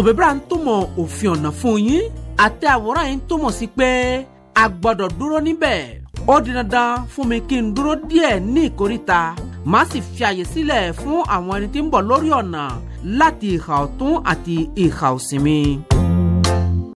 sòbébìrà ń túmọ̀ òfin ọ̀nà fún yín àti àwòrán yìí ń túmọ̀ sí pé a gbọ́dọ̀ dúró níbẹ̀ ó di dandan fún mi kí n dúró díẹ̀ ní ìkóríta màá sì fi àyè sílẹ̀ fún àwọn ẹni tí ń bọ̀ lórí ọ̀nà láti ìhà ọ̀tún àti ìhà òsì mi.